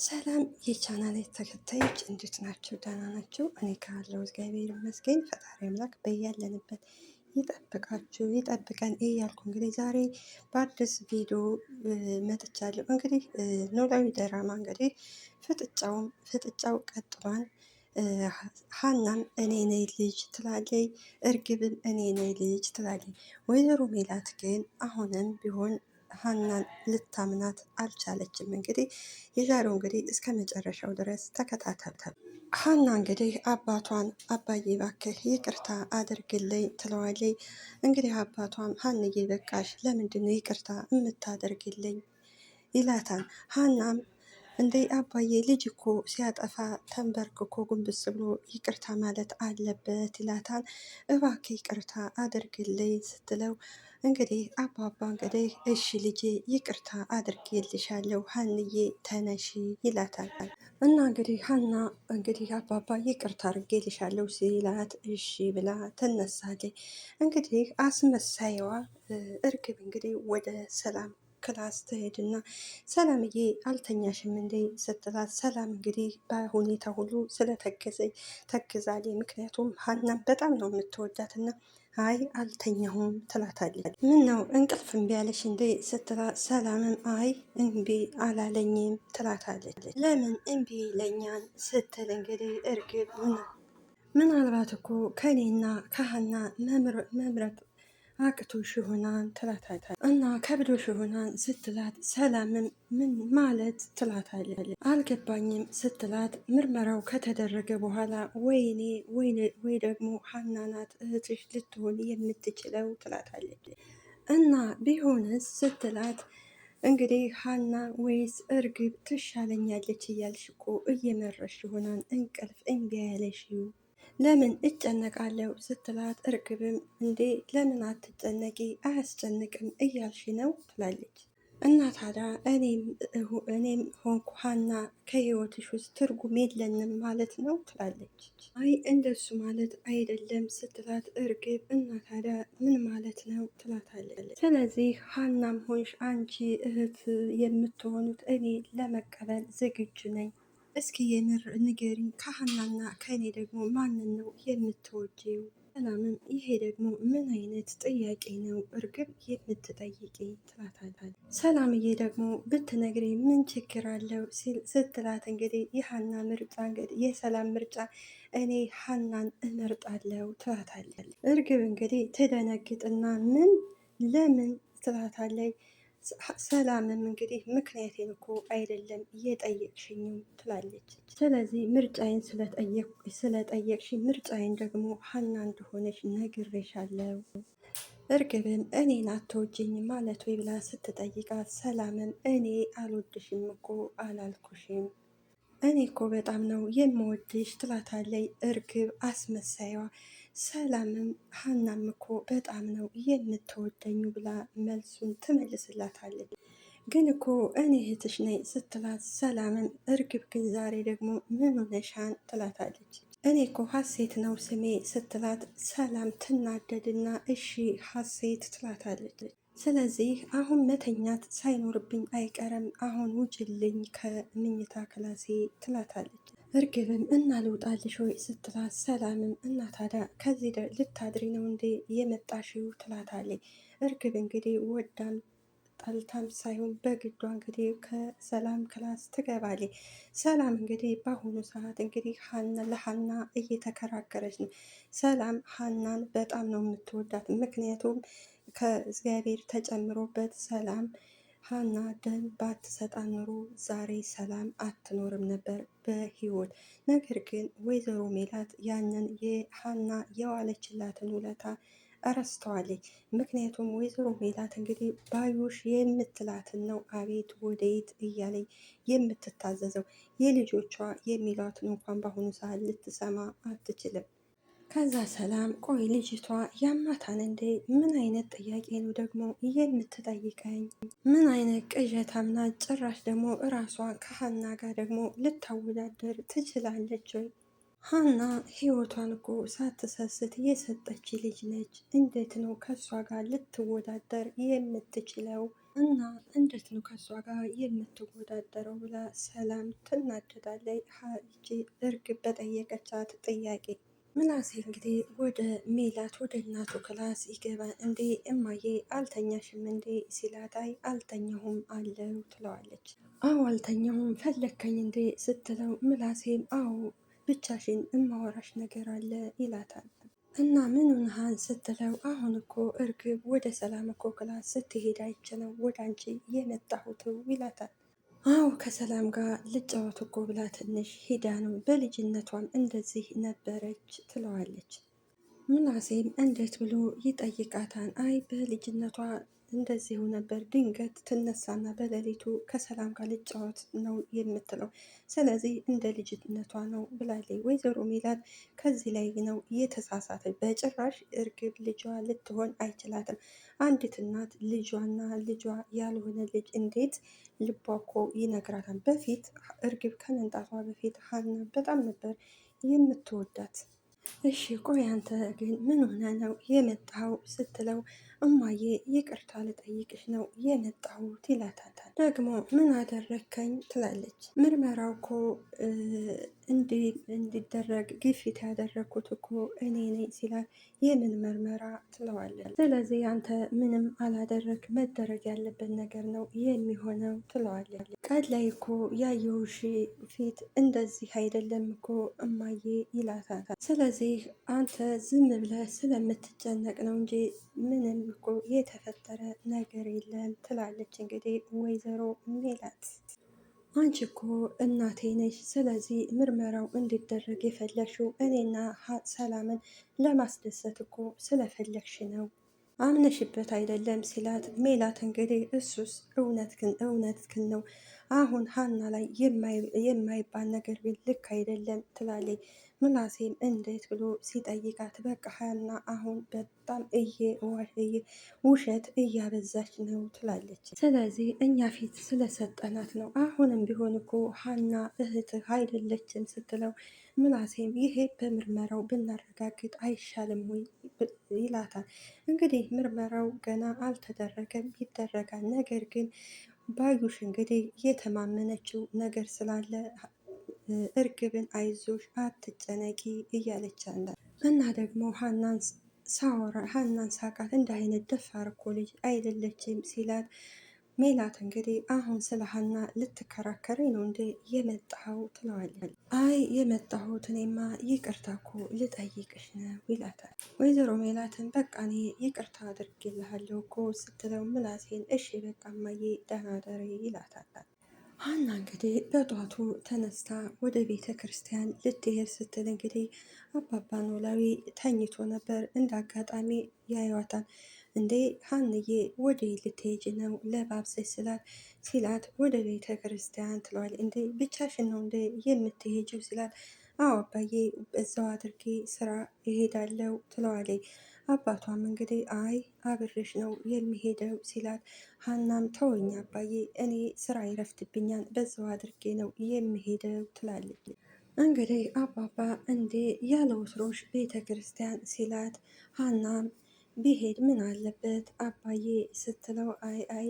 ሰላም የቻናል ተከታዮች እንዴት ናቸው? ደህና ናቸው? እኔ ካለው እግዚአብሔር ይመስገን ፈጣሪ አምላክ በያለንበት ይጠብቃችሁ ይጠብቀን እያልኩ እንግዲህ ዛሬ በአዲስ ቪዲዮ መጥቻለሁ። እንግዲህ ኖላዊ ድራማ እንግዲህ ፍጥጫውም ፍጥጫው ቀጥሏል። ሀናም እኔ ነኝ ልጅ ትላለይ፣ እርግብም እኔ ነኝ ልጅ ትላለይ። ወይዘሮ ሜላት ግን አሁንም ቢሆን ሀናን ልታምናት አልቻለችም። እንግዲህ የዛሬው እንግዲህ እስከ መጨረሻው ድረስ ተከታተልተል ሀና እንግዲህ አባቷን አባዬ ባክህ ይቅርታ አድርግልኝ ትለዋለች። እንግዲህ አባቷም ሀንዬ በቃሽ፣ ለምንድነው ይቅርታ የምታደርግልኝ ይላታል። ሀናም እንዴ አባዬ ልጅ እኮ ሲያጠፋ ተንበርክኮ ጉንብስ ብሎ ይቅርታ ማለት አለበት ይላታል። እባክህ ይቅርታ አድርግልኝ ስትለው እንግዲህ አባባ እንግዲህ እሺ ልጄ ይቅርታ አድርጌልሻለሁ ሀንዬ ተነሺ ይላታል። እና እንግዲህ ሀና እንግዲህ አባባ ይቅርታ አድርጌልሻለሁ ሲላት እሺ ብላ ትነሳለች። እንግዲህ አስመሳይዋ እርግብ እንግዲህ ወደ ሰላም ክላስ ትሄድና ሰላምዬ አልተኛሽም እንዴ ስትላት፣ ሰላም እንግዲህ በሁኔታ ሁሉ ስለተገዘ ተግዛሌ። ምክንያቱም ሀናን በጣም ነው የምትወዳትና አይ አልተኛሁም ትላታለች። ምን ነው እንቅልፍ እምቢ ያለሽ እንዴ ስትላት፣ ሰላምም አይ እምቢ አላለኝም ትላታለች። ለምን እምቢ ለኛን ስትል እንግዲህ እርግብ ምናልባት እኮ ከኔና ከሀና መምረጥ አቅቶሽ ይሆናል ትላታታል እና ከብዶሽ ይሆናል ስትላት፣ ሰላምም ምን ማለት ትላታለች። አልገባኝም ስትላት፣ ምርመራው ከተደረገ በኋላ ወይኔ ወይ ደግሞ ሀና ናት እህትሽ ልትሆን የምትችለው ትላታለች። እና ቢሆንስ ስትላት እንግዲህ ሀና ወይስ እርግብ ትሻለኛለች እያልሽ እኮ እየመረሽ ይሆናል እንቅልፍ እምቢ ያለሽው ለምን እጨነቃለሁ ስትላት እርግብም እንዴ ለምን አትጨነቂ አያስጨንቅም እያልሽ ነው ትላለች። እና ታዲያ እኔም ሆንኩ ሀና ከህይወትሽ ውስጥ ትርጉም የለንም ማለት ነው ትላለች። አይ እንደሱ ማለት አይደለም ስትላት እርግብ እና ታዲያ ምን ማለት ነው ትላታለች። ስለዚህ ሀናም ሆንሽ አንቺ እህት የምትሆኑት እኔ ለመቀበል ዝግጁ ነኝ እስኪ የምር ንገሪኝ፣ ከሀናና ከእኔ ደግሞ ማንን ነው የምትወጂው? ሰላምም ይሄ ደግሞ ምን አይነት ጥያቄ ነው እርግብ የምትጠይቂ? ትላታለች። ሰላምዬ ደግሞ ብትነግሪ ምን ችግር አለው ስትላት፣ እንግዲህ የሀና ምርጫ እንግዲህ የሰላም ምርጫ እኔ ሀናን እመርጣለው ትላታለች። እርግብ እንግዲህ ትደነግጥና ምን ለምን ትላታለች። ሰላምም እንግዲህ ምክንያቴን እኮ አይደለም እየጠየቅሽኝም ትላለች። ስለዚህ ምርጫዬን ስለጠየቅሽ ምርጫዬን ደግሞ ሀና እንደሆነች ነግሬሻለሁ። እርግብም እኔን አትወጂኝ ማለት ወይ ብላ ስትጠይቃት፣ ሰላምም እኔ አልወድሽም እኮ አላልኩሽም እኔ እኮ በጣም ነው የምወድሽ ትላታለይ እርግብ አስመሳይዋ ሰላምም ሀናም እኮ በጣም ነው የምትወደኝ ብላ መልሱን ትመልስላታለች። ግን እኮ እኔ እህትሽ ነኝ ስትላት ሰላምም እርግብ ግን ዛሬ ደግሞ ምን ሆነሻን ትላታለች። እኔ እኮ ሀሴት ነው ስሜ ስትላት ሰላም ትናደድና እሺ ሀሴት ትላታለች። ስለዚህ አሁን መተኛት ሳይኖርብኝ አይቀርም አሁን ውጭልኝ ከምኝታ ክላሴ ትላታለች። እርግብም እና ልውጣልሽ ወይ ስትላት፣ ሰላምም እናታዳ ከዚህ ልታድሪ ነው እንዴ የመጣሽው ትላታለች። እርግብ እንግዲህ ወዳም ጠልታም ሳይሆን በግዷ እንግዲህ ከሰላም ክላስ ትገባለች። ሰላም እንግዲህ በአሁኑ ሰዓት እንግዲህ ሀና ለሀና እየተከራከረች ነው። ሰላም ሀናን በጣም ነው የምትወዳት፣ ምክንያቱም ከእግዚአብሔር ተጨምሮበት ሰላም ሀና ደም ባትሰጣ ኑሮ ዛሬ ሰላም አትኖርም ነበር በህይወት። ነገር ግን ወይዘሮ ሜላት ያንን የሀና የዋለችላትን ውለታ እረስተዋለች። ምክንያቱም ወይዘሮ ሜላት እንግዲህ ባዩሽ የምትላትን ነው አቤት ወደየት እያለኝ የምትታዘዘው የልጆቿ የሚሏትን እንኳን በአሁኑ ሰዓት ልትሰማ አትችልም። ከዛ ሰላም ቆይ ልጅቷ ያማታን እንዴ? ምን አይነት ጥያቄ ነው ደግሞ የምትጠይቀኝ? ምን አይነት ቅዠታምና ጭራሽ ደግሞ እራሷን ከሀና ጋር ደግሞ ልታወዳደር ትችላለች ወይ? ሀና ህይወቷን እኮ ሳትሰስት የሰጠች ልጅ ነች። እንዴት ነው ከእሷ ጋር ልትወዳደር የምትችለው? እና እንዴት ነው ከእሷ ጋር የምትወዳደረው ብላ ሰላም ትናደዳለች። ሀጂ እርግብ በጠየቀቻት ጥያቄ ምናሴ እንግዲህ ወደ ሜላት ወደ እናቱ ክላስ ይገባ። እንዴ እማዬ አልተኛሽም እንዴ ሲላታይ አልተኛሁም አለው ትለዋለች። አዎ አልተኛሁም ፈለግከኝ እንዴ ስትለው ምናሴም አዎ ብቻሽን እማወራሽ ነገር አለ ይላታል። እና ምን ሆነሃል ስትለው አሁን እኮ እርግብ ወደ ሰላም እኮ ክላስ ስትሄድ አይቼ ነው ወደ አንቺ የመጣሁት ይላታል። አው ከሰላም ጋር ልጫወት እኮ ብላ ትንሽ ሂዳ ነው። በልጅነቷም እንደዚህ ነበረች ትለዋለች። ምናሴም እንዴት ብሎ ይጠይቃታል። አይ በልጅነቷ እንደዚሁ ነበር። ድንገት ትነሳና በሌሊቱ ከሰላም ጋር ልጫወት ነው የምትለው። ስለዚህ እንደ ልጅነቷ ነው ብላለች ወይዘሮ ሚላት። ከዚህ ላይ ነው የተሳሳተ። በጭራሽ እርግብ ልጇ ልትሆን አይችላትም። አንዲት እናት ልጇና ልጇ ያልሆነ ልጅ እንዴት ልቧ እኮ ይነግራታል። በፊት እርግብ ከመምጣቷ በፊት ሀና በጣም ነበር የምትወዳት እሺ ቆይ አንተ ግን ምን ሆነ ነው የመጣው ስትለው እማዬ ይቅርታ ልጠይቅሽ ነው የመጣሁት ይላታታል። ደግሞ ምን አደረከኝ ትላለች። ምርመራው እኮ እንዲደረግ ግፊት ያደረግኩት እኮ እኔ ነኝ ሲላል የምን ምርመራ ትለዋለች። ስለዚህ አንተ ምንም አላደረግ መደረግ ያለበት ነገር ነው የሚሆነው ትለዋለች። ቀድ ላይ እኮ ያየውሽ ፊት እንደዚህ አይደለም እኮ እማዬ ይላታታል። ስለዚህ አንተ ዝም ብለህ ስለምትጨነቅ ነው እንጂ ምንም እኮ የተፈጠረ ነገር የለም ትላለች። እንግዲህ ወይዘሮ ሜላት አንቺ እኮ እናቴ ነሽ። ስለዚህ ምርመራው እንዲደረግ የፈለግሽው እኔና ሰላምን ለማስደሰት እኮ ስለፈለግሽ ነው አምነሽበት አይደለም ሲላት፣ ሜላት እንግዲህ እሱስ እውነት ግን እውነት ግን ነው አሁን ሀና ላይ የማይባል ነገር ግን ልክ አይደለም ትላለች። ምላሴም እንዴት ብሎ ሲጠይቃት በቃ አሁን በጣም ውሸት እያበዛች ነው ትላለች። ስለዚህ እኛ ፊት ስለሰጠናት ነው። አሁንም ቢሆን እኮ ሀና እህትህ አይደለችም ስትለው ምላሴም ይሄ በምርመራው ብናረጋግጥ አይሻልም ወይ ይላታል። እንግዲህ ምርመራው ገና አልተደረገም፣ ይደረጋል። ነገር ግን ባዩሽ እንግዲህ የተማመነችው ነገር ስላለ እርግብን አይዞሽ አትጨነቂ እያለች አለ እና ደግሞ ሀናን ሳወራ ሀናን ሳቃት እንደ አይነት ደፋር እኮ ልጅ አይደለችም ሲላት ሜላት እንግዲህ አሁን ስለ ሀና ልትከራከሪ ነው እንዴ የመጣኸው? ትለዋለች። አይ የመጣሁት እኔማ ይቅርታ እኮ ልጠይቅሽ ነው ይላታል። ወይዘሮ ሜላትን በቃ እኔ ይቅርታ አድርጌልሃለሁ እኮ ስትለው ምላሴን እሺ በቃ እማዬ ደህና ደሪ ይላታል። ሀና እንግዲህ በጧቱ ተነስታ ወደ ቤተ ክርስቲያን ልትሄድ ስትል እንግዲህ አባባ ኖላዊ ተኝቶ ነበር። እንደ አጋጣሚ ያየዋታል። እንዴ ሀንዬ ወደ ልትሄጅ ነው ለባብሰሽ ስላት ሲላት ወደ ቤተ ክርስቲያን ትለዋል። እንዴ ብቻሽን ነው እንዴ የምትሄጅው ስላት፣ አዎ አባዬ፣ በዛው አድርጌ ስራ እሄዳለሁ ትለዋለች። አባቷም እንግዲህ አይ አብሬሽ ነው የሚሄደው ሲላት፣ ሀናም ተወኝ አባዬ እኔ ስራ ይረፍትብኛል በዛው አድርጌ ነው የሚሄደው ትላለች። እንግዲህ አባባ እንዴ ያለ ወትሮሽ ቤተ ክርስቲያን ሲላት፣ ሀናም ቢሄድ ምን አለበት አባዬ ስትለው፣ አይ አይ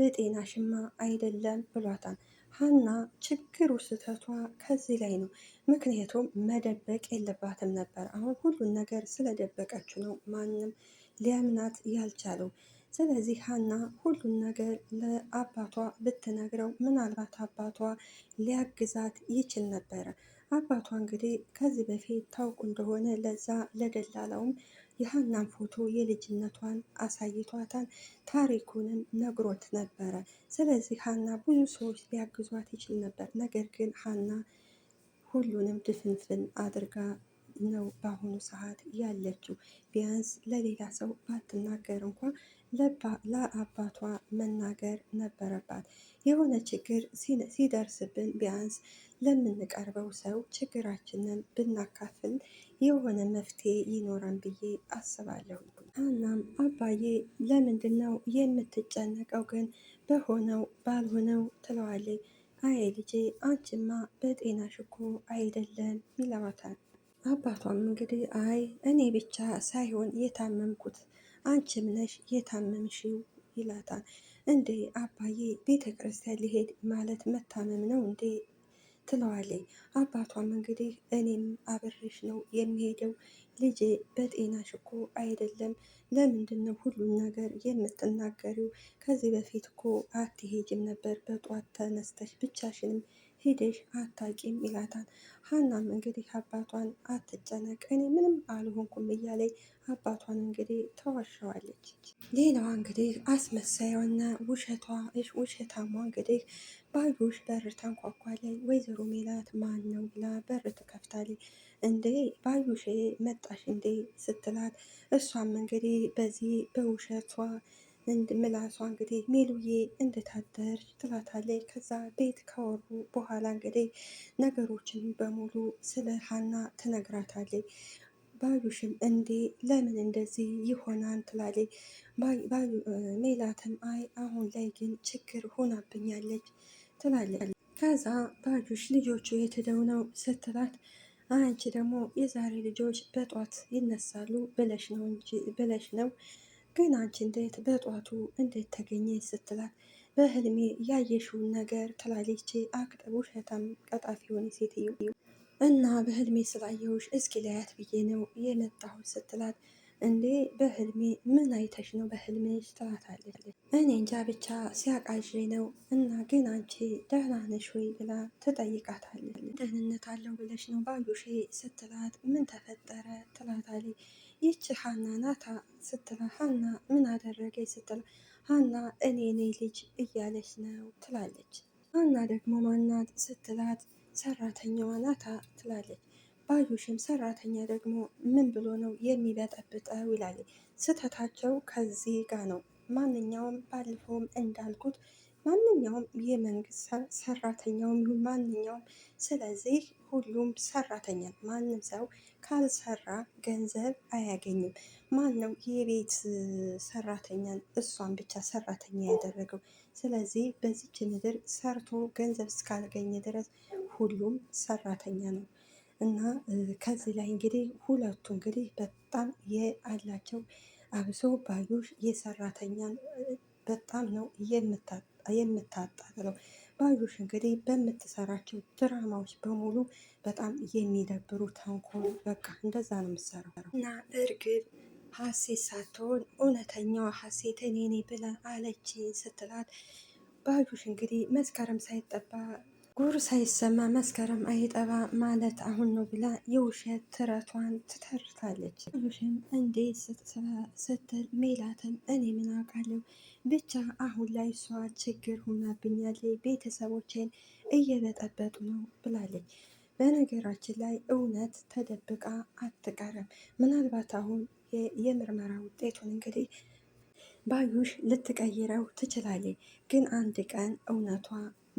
በጤናሽማ አይደለም ብሏታል። ሀና ችግሩ ስህተቷ ከዚህ ላይ ነው። ምክንያቱም መደበቅ የለባትም ነበር። አሁን ሁሉን ነገር ስለደበቀችው ነው ማንም ሊያምናት ያልቻለው። ስለዚህ ሀና ሁሉን ነገር ለአባቷ ብትነግረው ምናልባት አባቷ ሊያግዛት ይችል ነበረ። አባቷ እንግዲህ ከዚህ በፊት ታውቁ እንደሆነ ለዛ ለደላላውም የሀናን ፎቶ የልጅነቷን አሳይቷታል። ታሪኩንም ነግሮት ነበረ። ስለዚህ ሀና ብዙ ሰዎች ሊያግዟት ይችል ነበር። ነገር ግን ሀና ሁሉንም ድፍንፍን አድርጋ ነው በአሁኑ ሰዓት ያለችው። ቢያንስ ለሌላ ሰው ባትናገር እንኳ ለአባቷ መናገር ነበረባት። የሆነ ችግር ሲደርስብን ቢያንስ ለምንቀርበው ሰው ችግራችንን ብናካፍል የሆነ መፍትሄ ይኖረን ብዬ አስባለሁ። እናም አባዬ ለምንድን ነው የምትጨነቀው ግን በሆነው ባልሆነው ትለዋለች። አይ ልጄ አንቺማ በጤናሽ እኮ አይደለም ይለዋታል። አባቷም እንግዲህ አይ እኔ ብቻ ሳይሆን የታመምኩት አንቺም ነሽ የታመምሽው ይላታል። እንዴ አባዬ ቤተ ክርስቲያን ሊሄድ ማለት መታመም ነው እንዴ ትለዋለች። አባቷም እንግዲህ እኔም አብሬሽ ነው የሚሄደው ልጄ በጤናሽ እኮ አይደለም። ለምንድን ነው ሁሉን ነገር የምትናገሪው? ከዚህ በፊት እኮ አትሄጅም ነበር በጧት ተነስተሽ ብቻሽንም ሂደሽ አታቂም ይላታል። ሀናም እንግዲህ አባቷን አትጨነቅ እኔ ምንም አልሆንኩም እያለኝ አባቷን እንግዲህ ተዋሸዋለች። ሌላዋ እንግዲህ አስመሳዩና ውሸቷ ውሸታሟ እንግዲህ ባዩሽ በር ታንኳኳለች። ወይዘሮ ሜላት ማን ነው ብላ በር ትከፍታለች። እንዴ ባዩሽ መጣሽ እንዴ ስትላት እሷም እንግዲህ በዚህ በውሸቷ ምላሷ እንግዲህ ሜሉዬ እንደታደርሽ ትላታለች። ከዛ ቤት ከወሩ በኋላ እንግዲህ ነገሮችን በሙሉ ስለ ሀና ትነግራታለች። ባዩሽም እንዴ ለምን እንደዚህ ይሆናል ትላለች። ሜላትም አይ አሁን ላይ ግን ችግር ሆናብኛለች ትላለች። ከዛ ባዩሽ ልጆቹ የትደው ነው ስትላት አንቺ ደግሞ የዛሬ ልጆች በጧት ይነሳሉ ብለሽ ነው እንጂ ብለሽ ነው ግን አንቺ እንዴት በጧቱ እንዴት ተገኘ ስትላት በህልሜ ያየሽውን ነገር ትላለች አቅጠቡ ውሸታም ቀጣፊ የሆነ ሴትዮ እና በህልሜ ስላየውሽ እስኪ ላያት ብዬ ነው የመጣሁት ስትላት እንዴ በህልሜ ምን አይተሽ ነው በህልሜሽ ትላታለች። እኔ እንጃ ብቻ ሲያቃዥ ነው እና ግን አንቺ ደህና ነሽ ወይ ብላ ትጠይቃታለች። ደህንነት አለው ብለሽ ነው ባዩሽ ስትላት ምን ተፈጠረ ትላታለች። ይቺ ሀና ናታ ስትላ ሀና ምን አደረገች ስትላ ሀና እኔ ነኝ ልጅ እያለች ነው ትላለች። ሀና ደግሞ ማናት ስትላት ሰራተኛዋ ናታ ትላለች። ባዩሽም ሰራተኛ ደግሞ ምን ብሎ ነው የሚበጠብጠው ይላለች። ስህተታቸው ከዚህ ጋር ነው። ማንኛውም ባለፈውም እንዳልኩት ማንኛውም የመንግስት ሰራተኛውም ይሁን ማንኛውም ስለዚህ ሁሉም ሰራተኛ ማንም ሰው ካልሰራ ገንዘብ አያገኝም። ማን ነው የቤት ሰራተኛን እሷን ብቻ ሰራተኛ ያደረገው? ስለዚህ በዚች ምድር ሰርቶ ገንዘብ እስካልገኘ ድረስ ሁሉም ሰራተኛ ነው እና ከዚህ ላይ እንግዲህ ሁለቱ እንግዲህ በጣም የአላቸው አብሶ ባዩሽ የሰራተኛን በጣም ነው የምታ የምታጣጥለው ባዩሽ እንግዲህ በምትሰራቸው ድራማዎች በሙሉ በጣም የሚደብሩ ተንኮል በቃ እንደዛ ነው የምትሰራው እና እርግብ ሀሴት ሳትሆን እውነተኛዋ ሀሴት እኔ ነኝ ብላ አለች ስትላት ባዩሽ እንግዲህ መስከረም ሳይጠባ ጉር ሳይሰማ መስከረም አይጠባ ማለት አሁን ነው ብላ የውሸት ትረቷን ትተርታለች። አብርሽም እንዴት ስትል ሜላትም እኔ ምን አውቃለሁ ብቻ አሁን ላይ እሷ ችግር ሆናብኛለች፣ ቤተሰቦቼን እየበጠበጡ ነው ብላለች። በነገራችን ላይ እውነት ተደብቃ አትቀርም። ምናልባት አሁን የምርመራ ውጤቱን እንግዲህ ባዩሽ ልትቀይረው ትችላለች፣ ግን አንድ ቀን እውነቷ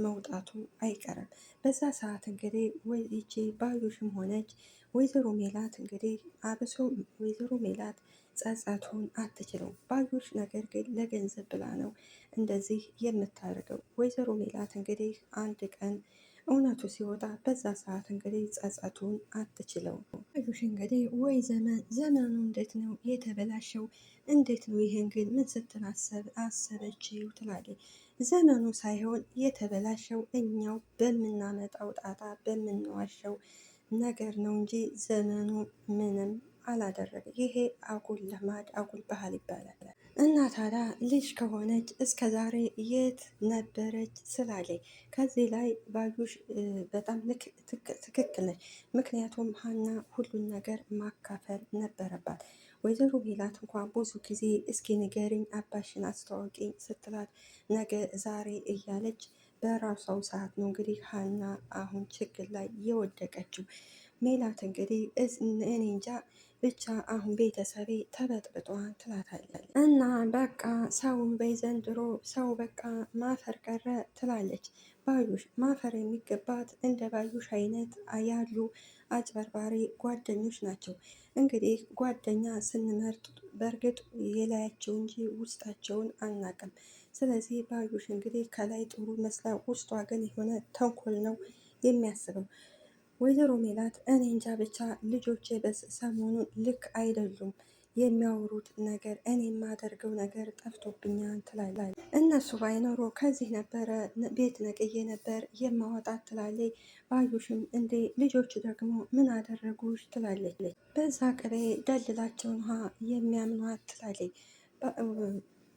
መውጣቱ አይቀርም። በዛ ሰዓት እንግዲህ ወይ ይቺ ባዩሽም ሆነች ወይዘሮ ሜላት እንግዲህ አብሶ ወይዘሮ ሜላት ጸጸቱን አትችለው። ባዩሽ ነገር ግን ለገንዘብ ብላ ነው እንደዚህ የምታደርገው። ወይዘሮ ሜላት እንግዲህ አንድ ቀን እውነቱ ሲወጣ በዛ ሰዓት እንግዲህ ጸጸቱን አትችለው። ባዩሽ እንግዲህ ወይ ዘመን ዘመኑ እንዴት ነው የተበላሸው? እንዴት ነው ይሄን ግን ምን ስትል አሰበችው ትላለች። ዘመኑ ሳይሆን የተበላሸው እኛው በምናመጣው ጣጣ በምንዋሸው ነገር ነው እንጂ ዘመኑ ምንም አላደረገ። ይሄ አጉል ልማድ አጉል ባህል ይባላል። እና ታዲያ ልጅ ከሆነች እስከ ዛሬ የት ነበረች ስላለኝ ከዚህ ላይ ባዩሽ በጣም ትክክል ነች። ምክንያቱም ሀና ሁሉን ነገር ማካፈል ነበረባት። ወይዘሮ ሜላት እንኳ ብዙ ጊዜ እስኪ ንገሪኝ፣ አባሽን አስተዋወቂኝ ስትላት ነገ ዛሬ እያለች በራሷው ሰዓት ነው እንግዲህ ሀና አሁን ችግር ላይ የወደቀችው። ሜላት እንግዲህ እኔ እንጃ ብቻ አሁን ቤተሰቤ ተበጥብጧል ትላታለች። እና በቃ ሰውን በይ ዘንድሮ ሰው በቃ ማፈር ቀረ ትላለች። ባዩሽ ማፈር የሚገባት እንደ ባዩሽ አይነት ያሉ አጭበርባሪ ጓደኞች ናቸው። እንግዲህ ጓደኛ ስንመርጥ በእርግጥ የላያቸው እንጂ ውስጣቸውን አናቅም። ስለዚህ ባዩሽ እንግዲህ ከላይ ጥሩ መስላ ውስጧ ግን የሆነ ተንኮል ነው የሚያስበው። ወይዘሮ ሜላት እኔ እንጃ ብቻ ልጆቼ ሰሞኑን ልክ አይደሉም የሚያወሩት ነገር እኔ የማደርገው ነገር ጠፍቶብኛል ትላለች። እነሱ ባይኖሮ ከዚህ ነበረ ቤት ነቅዬ ነበር የማወጣት ትላለች። ባዩሽም እንዴ ልጆቹ ደግሞ ምን አደረጉሽ ትላለች። በዛ ቅቤ ደልላቸውን ውሃ የሚያምኗት ትላለች።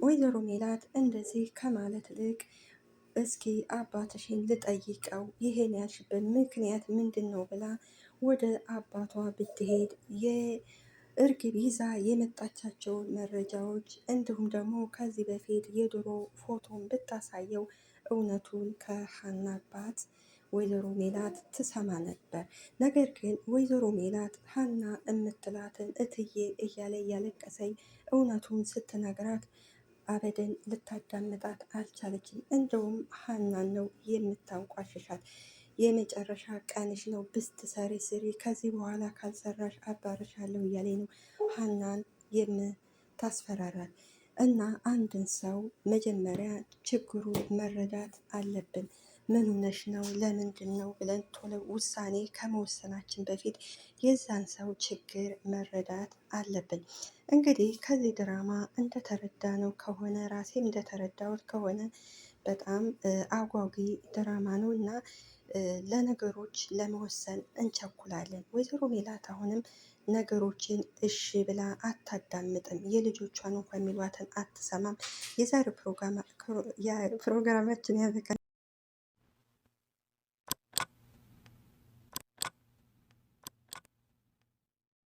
ወይዘሮ ሜላት እንደዚህ ከማለት ልቅ እስኪ አባትሽን ልጠይቀው ይሄን ያልሽበት ምክንያት ምንድን ነው ብላ ወደ አባቷ ብትሄድ የእርግብ ይዛ የመጣቻቸውን መረጃዎች እንዲሁም ደግሞ ከዚህ በፊት የድሮ ፎቶን ብታሳየው እውነቱን ከሀና አባት ወይዘሮ ሜላት ትሰማ ነበር። ነገር ግን ወይዘሮ ሜላት ሀና የምትላትን እትዬ እያለ እያለቀሰኝ እውነቱን ስትነግራት አበደን ልታዳምጣት አልቻለችም። እንደውም ሀናን ነው የምታንቋሽሻት። የመጨረሻ ቀንሽ ነው ብስት ሰሬ ስሪ፣ ከዚህ በኋላ ካልሰራሽ አባረሻለሁ እያሌ ነው ሀናን የምታስፈራራት። እና አንድን ሰው መጀመሪያ ችግሩ መረዳት አለብን። ምን ሆነሽ ነው? ለምንድን ነው ብለን ቶሎ ውሳኔ ከመወሰናችን በፊት የዛን ሰው ችግር መረዳት አለብን። እንግዲህ ከዚህ ድራማ ነው ከሆነ ራሴም እንደተረዳሁት ከሆነ በጣም አጓጊ ድራማ ነው እና ለነገሮች ለመወሰን እንቸኩላለን። ወይዘሮ ሜላት አሁንም ነገሮችን እሺ ብላ አታዳምጥም። የልጆቿን እንኳ የሚሏትን አትሰማም። የዛሬ ፕሮግራማችን ያበቃል።